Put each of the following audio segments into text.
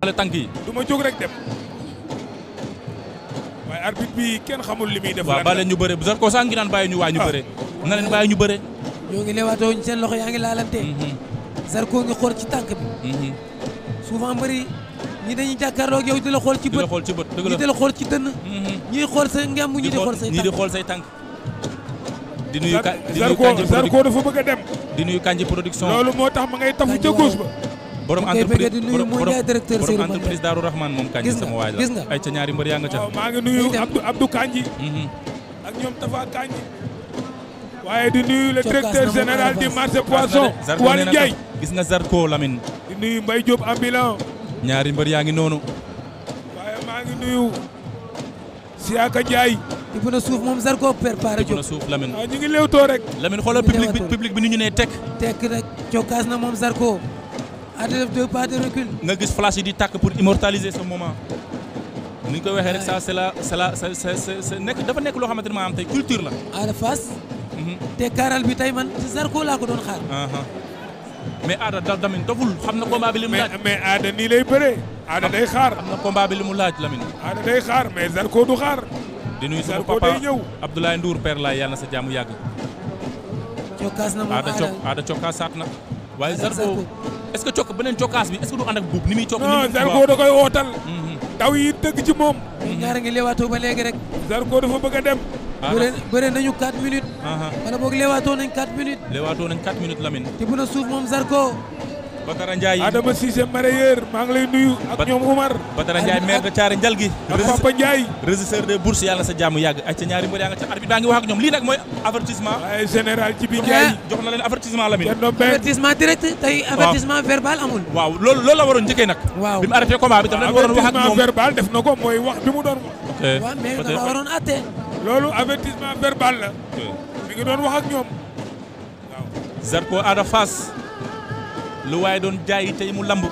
xale tànk yi du ma rek dem waaye arbitre bi kenn xamul li muy def waaw bàyyi leen ñu bëre bu Zarko sax ngi naan bàyyi ñu waay ñu ah. bëre na leen bàyyi ñu bëre ñoo ngi leewaatoo seen loxo yaa ngi laalante mhm. Zarko ngi xool ci tànk bi mhm. souvent mbëri ñi dañuy jàkkaarloo ak yow di la xool ci bët ñi di la xool ci dënn mhm. ñi xool sa ngemb ñi di xool say tànk di xool say tànk di nuyu Zarko dafa bëgg dem di nuy Kandji production loolu moo tax ma ngay tafu ca gauche ba borom entreprise borom entreprise Darou Rahman moom Kanji sama waay la gis nga ay ca ñaari mbër nga ca. maa ngi nuyu Abdou Abdou Kanji. Mhm. ak ñoom Tafa Kanji. waaye di nuyu le directeur général du marché poisson. Wali Ndiaye gis nga Zarko Lamine. di nuyu Mbaye Diop ambulant. ñaari mbër yaa ngi noonu. waaye maa ngi nuyu. Siaka Ndiaye. di mën a suuf moom Zarko préparé. di a suuf ñu ngi léewtoo rek. Lamine xoolal public bi public bi ni ñu nee tekk. tekk rek cokkaas na moom Zarko. à def nga gis flash di tàkk pour immortaliser sa moment. ni ñu koy waxee rek ça c'est la c'est la nekk dafa nekk loo xamante ne maanaam tey culture la. Ada Fass. Mhm. te kaaral bi tey man ci Zarko laa ko doon xaar. Uh-huh. mais Ada da damin doful xam na combat bi li mu laaj. mais Ada nii lay bëree. Ada day xaar xam na combat li mu laaj Lamine. Ada day xaar mais Zarko du xaar. di nuyu sama papa Abdoulaye Ndour père laay yàlla na sa jaamu yàgg. cokkaas na moom Ada Ada cok na. waaye Zarko est-ce que cokk beneen cokkaas bi est-ce que du ànd ak buub ni muy cokk non Zarko mhm. yi dëgg moom mhm. ñaara ngi leewaatoo ba léegi rek Zarko dafa bëgg a dem ah. bëre bëre nañu 4 minutes ah, ah. wala boog leewaatoo nañ 4 minutes leewaatoo nañ 4 minutes suuf moom Zarko Badara Ndiaye Adama Cissé marailleur maa ngi lay nuyu ak ñoom Umar Badara Ndiaye maire de Thiaré Ndialgui ak Papa Ndiaye régisseur yàlla na sa jàmm yàgg ay ca ñaari mbër yaa nga ca arbitre baa ngi wax ak ñoom lii nag mooy avertissement waaye général ci bi eh, Ndiaye jox na leen avertissement Lamine avertissement direct tey avertissement la waroon njëkkee nag waaw bi mu arrêté wax ak ñoom bi mu doon wax ak ñoom waaw Zarko Ada Fass lu waaye doon jaayi tey mu lamb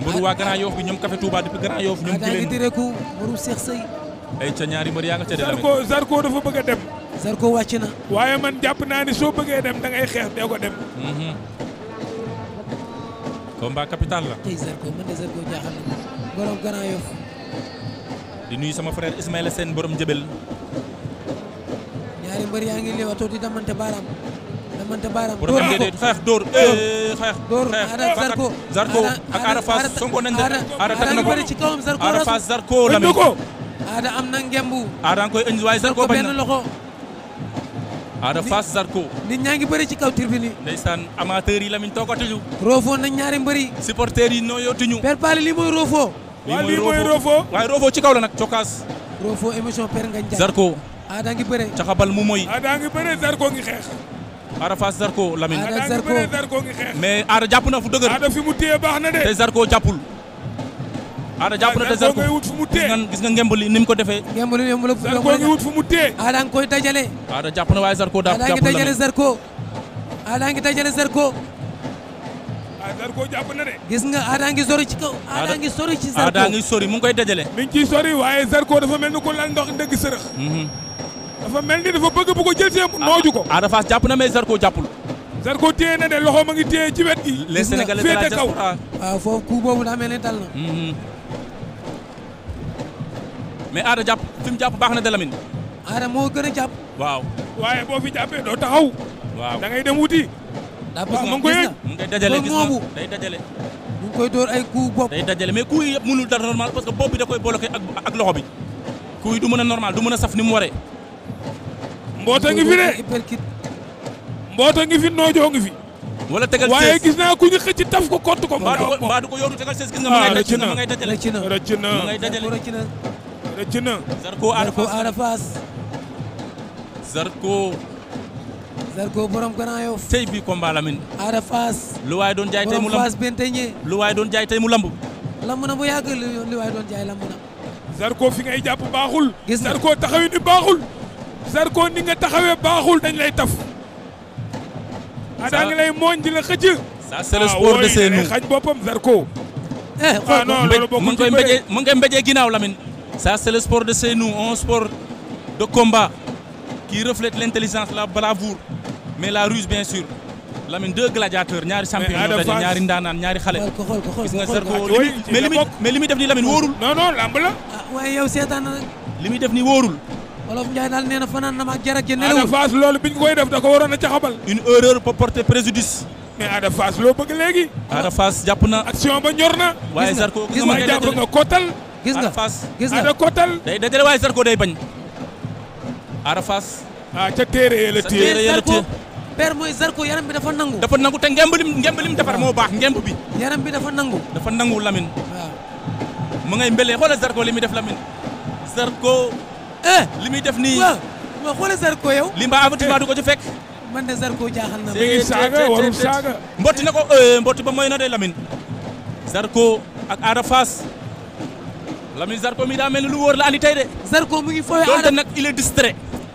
mbëru waa Grand Yoff bi ñoom Café Touba depuis Grand Yoff ñoom gileen direku mbëru Cheikh Sey ay ca ñaari mbër yaa nga ca de Zarko dafa bëgg dem Zarko wàcc na waaye man jàpp naa ni soo bëggee dem da ngay xeex dee ko dem mhm. combat capital la tey Zarko man de Zarko jaaxal na di nuyu sama frère Ismaïla Sène borom jëbel ñaari mbër yaa ngi leewatoo di damante baaraam damante baaraam dóor ko xeex dóor eh, xeex dóor xeex Zarko Zarko Ada Fass Sonko nañ Ada tak na ko Ada Fass Zarko la mi ko Ada am na ngembu Ada koy waaye Zarko bañ na loxo Ada Fass Zarko nit ñaa ngi bëri ci kaw tribune yi ndeysaan amateur yi la miñ toogatuñu roofoo nañ ñaari mbëri supporters yi noo yootuñu per paali lii mooy roofoo lii waaye roofoo ci kaw la nag cokaas roofoo émission per ngañ Zarko Ada ngi bëre caxabal mu mooy Ada ngi bëre Zarko ngi xeex Ada Fass Zarko Lamine. Ada mais Ada jàpp na fu dëgër. Ada fi mu téye baax na de. te Zarko jàppul. Ada jàpp na te Zarko gis nga gis nga ngembali ko defee. ngembali ni mu fu mu téye. Ada a ngi koy dajale. Ada jàpp na waaye Zarko daa jàpp na dajale Zarko. Ada a ngi dajale Zarko. Ah, Zarko jàpp na de. gis nga Ada ngi sori ci kaw. Ada ngi sori ci Zarko Ada ngi sori mu ngi koy dajale. mi ci ciy sori waaye Zarko dafa mel na ko lan ndox ndëgg sërëx. Mhm. dafa mel ni dafa bëgg bu ko jël see nooju ko. Ada jàpp na mais Zarko jàppul. Zarko téye na de loxo ma ngi téye ci wet gi. les sénégalais de la diaspora waaw ah, foofu coup boobu daa mel ne dal na. Mhm. mais Ada jàpp fi jàpp baax na de Lamine. Ada moo gën a jàpp. waaw waaye boo fi jàppee doo taxaw. waaw da ngay dem wuti. daa bëgg mu ngi koy yëg mu ngi day dajale. mu ngi koy door ay coup bopp. day dajale mais coup yi yëpp mënul dara parce que bopp da koy bloqué ak ak loxo bi. coup du mën a normal du mën a saf ni mu waree. mboota ngi fi de mboota ngi fi noojoo ngi fi. wala tegal waaye gis naa ku ñu xëcc taf ko kott ko. mbaa ko mbaa du ko sees gis ah, na ma ngay dajale rëcc na rëcc na na. rëcc na. Zarko Ada Fass Zarko. Zarko borom Grand Yoff. bii combat Lamine. Ada lu waay doon jaay tey mu lamb borom Fass Benteñe. lu waay doon jaay tey mu lamb. lamb na yàgg waay doon jaay lamb na. Zarko fi ngay jàpp baaxul. gis nga Zarko taxawin bi baaxul. Zarko ni nga taxawee baaxul dañ lay taf. a daa ngi lay mooñ di la xëcc. ça c'est le ah, sport de seen nu xañ boppam Zarko. Eh, ah non loolu mu koy mbéjee mu ngi koy mbéjee ginnaaw Lamine. sa c'est le sport de chez nous un sport de combat qui reflète l'intelligence la bravoure mais la ruse bien sûr Lamine deux gladiateurs ñaari champion ñoo ñaari ndaanaan ñaari xale. gis nga Zarko mais li muy mais li muy def nii Lamine wóorul. non ah, li muy def nii wóorul. wolof Ndiaye daal nee na fanaan na ma jarak ja nelawul Ada Fass loolu biñ koy def da ko waroon a une erreur peut porter mais Ada loo bëgg léegi Ada jàpp na action ba ñor na waaye Zarko gis nga jàpp nga kottal gis nga Ada Fass gis nga Ada kottal day dajale waaye Zarko day bañ Ada Fass ah, ca téere yee la téye téere Zarko yaram bi dafa nangu dafa nangu te ngemb lim ngemb lim defar moo baax ngemb bi yaram bi dafa nangu dafa nangu Lamine waaw mu ngay mbelee xoola Zarko li muy def Lamine Zarko Eh! li muy def nii. waaw ma xoolal Zarko yow. li mbaa avertissement du ko ci fekk. Eh, man de Zarko jaaxal na. léegi saaga ko eh, mbotti ba mooy na de Lamine. Zarko ak Ada Fass. Lamine Zarko mi daa mel ni lu wóor la andi tey de. Zarko mu ngi fooy Ada donte nag il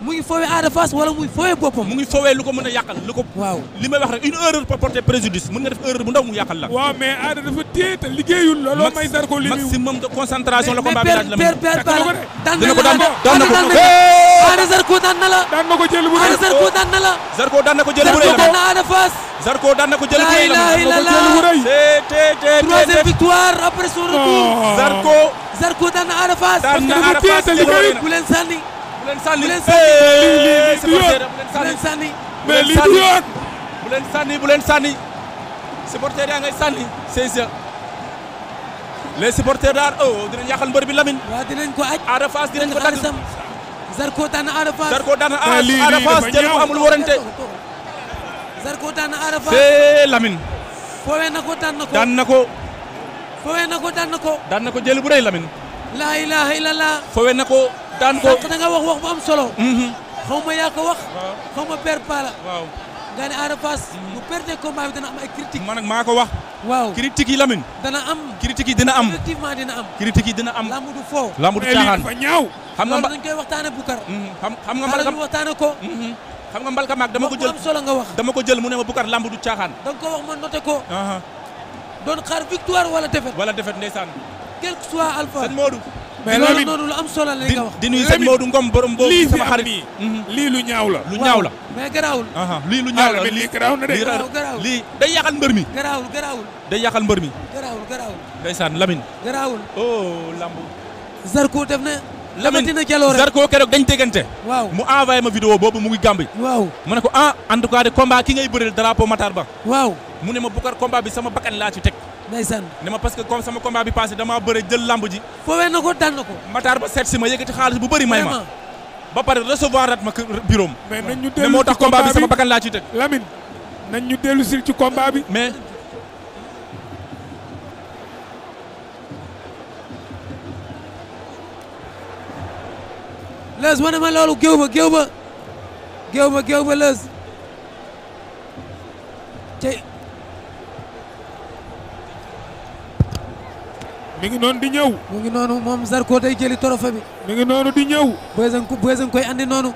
mu ngi foowee Ada Fass wala muy foowee boppam mu ngi foowee lu ko mën a yàqal lu ko waaw li may une erreur peut porter préjudice mën nga def erreur ndaw mu yàqal la waaw mais Ada dafa téye te liggéeyul looloo de concentration la combat bi laaj la père père Balla daan na ko daan na Zarko daan na la daan na Zarko daan na Zarko daan na ko jël bu rëy daan na Ada Zarko daan na ko jël bu rëy la troisième victoire oh. Zarko Zarko bu leen sànni bu leen sànni mais lii du yoon bu leen sànni bu leen sànni supporters yaa ngay sànni Seysa les supporters daal oh dinañ mbër bi Lamine. waaw dinañ ko ko dagg Zarko daan na Ada Fass Zarko daan na Ada Fass jël ko amul warante. Zarko daan na Ada Fass see Lamine. foowee na ko daan na ko daan ko. jël bu rëy laa ilaaha illallah. foowee na ko. daan ko da nga wax wax bu am solo. Mhm. xaw ma ko wax. waaw xaw ma père waaw nga ne Ada Fass. Mhm. bu perte combat bi dana am ay maa ko wax. waaw critique yi Lamine. dana am critique yi dina am effectivement dina am. critique yi dina am. lamb du foo. lamb du caaxaan fa ñaaw. xam nga mba dañ koy waxtaane Bukar. Mhm. xam xam nga mbalka waxtaane ko. xam nga mbalka maag dama ko jël solo nga wax. dama ko jël mu ne ma Bukar lamb du caaxaan. da nga wax ma noté ko. doon xaar victoire wala défaite. wala défaite ndeysaan. quel que soit mais loolu noonu lu am solo la nga wax di nuyu sëñ Modou Ngom borom boobu sama xarit mhm. lii lu ñaaw la lu ñaaw la mais lii lu ñaaw la ah, lii garaaw na de garaawul lii day yàqal mbër mi garaawul garaawul day yàqal mbër mi garaawul garaawul ndeysaan Lamine garaawul oh lamb Zarko def na Lamine dina jaloore Zarko keroog dañ tegante waaw mu envoyé ma vidéo boobu mu ngi Gambie waaw ma ne ko ah en tout cas de ki ngay bëreel drapeau Matar Ba waaw mu ne ma Boucar combat bi sama bakkan laa ci teg ndeysaan ne ma parce que comme sama combat bi passé damaa bëre jël lamb ji foowee na ko daan na ko Matar ba seet ma yëkkati xaalis bu bëri may ma ba pare recevoir rat ma bureau mais nañ ñu dellu moo tax combat bi sama bakkan laa ñu dellu si ci mais lës ma ne ma ba géew ba géew ba géew mi ngi noonu di ñëw. mu ngi noonu moom Zarko day jëli trophée bi. mi ngi noonu di ñëw. Beuz a Beuz a koy andi noonu.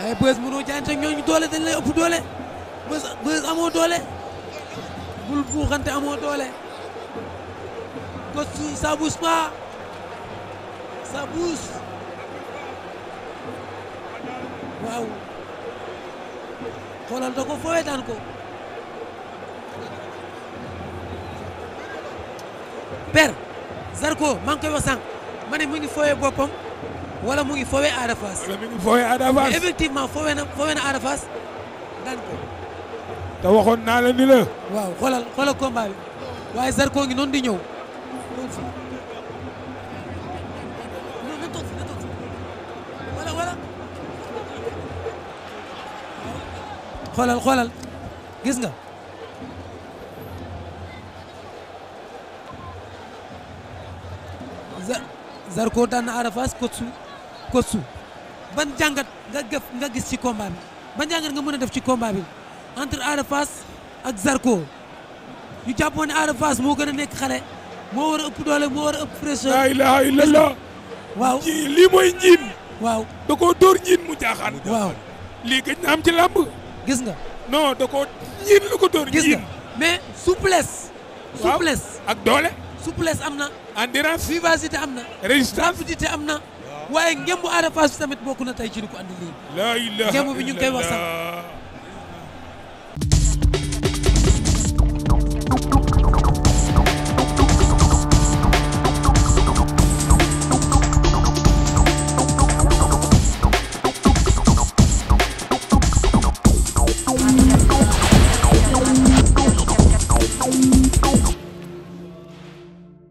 ay Beuz mënoo jaante ak doole dañ lay ëpp doole. Beuz Beuz amoo doole. bul buuxante amoo doole. costu ça bouge pas. waaw. xoolal da ko fooyee ko. per Zarko maa ngi koy wax sànq ma ne mu ngi wala mu ngi foowee Ada Fass. mu ngi foowee Ada effectivement foowee na foowee na ko. te waxoon naa la waaw xoolal xoolal combat bi waaye Zarko ngi noonu di ñëw. xoolal xoolal gis nga. Zarko daan na Ada kotsu ban jàngat nga gëf nga gis ci combat bi ban jàngat nga mën a def ci combat bi entre Ada ak Zarko ñu jàppoon ne Ada Fass moo gën a nekk xale moo war a ëpp doole moo war a ëpp fraîcheur. laa ilaaha illallah waaw lii mooy njiin. waaw da koo dóor njiin mu jaaxaan. waaw lii gëj na am ci làmb. gis nga. no da koo njiin la ko dóor. njiin gis nga mais souplesse. waaw ak doole. souplesse am na. endurance vivacité am na. résistance rapidité am na. waaye ngembu Ada Fass tamit bokk na tey ci li ko andi ngembu bi ñu ngi koy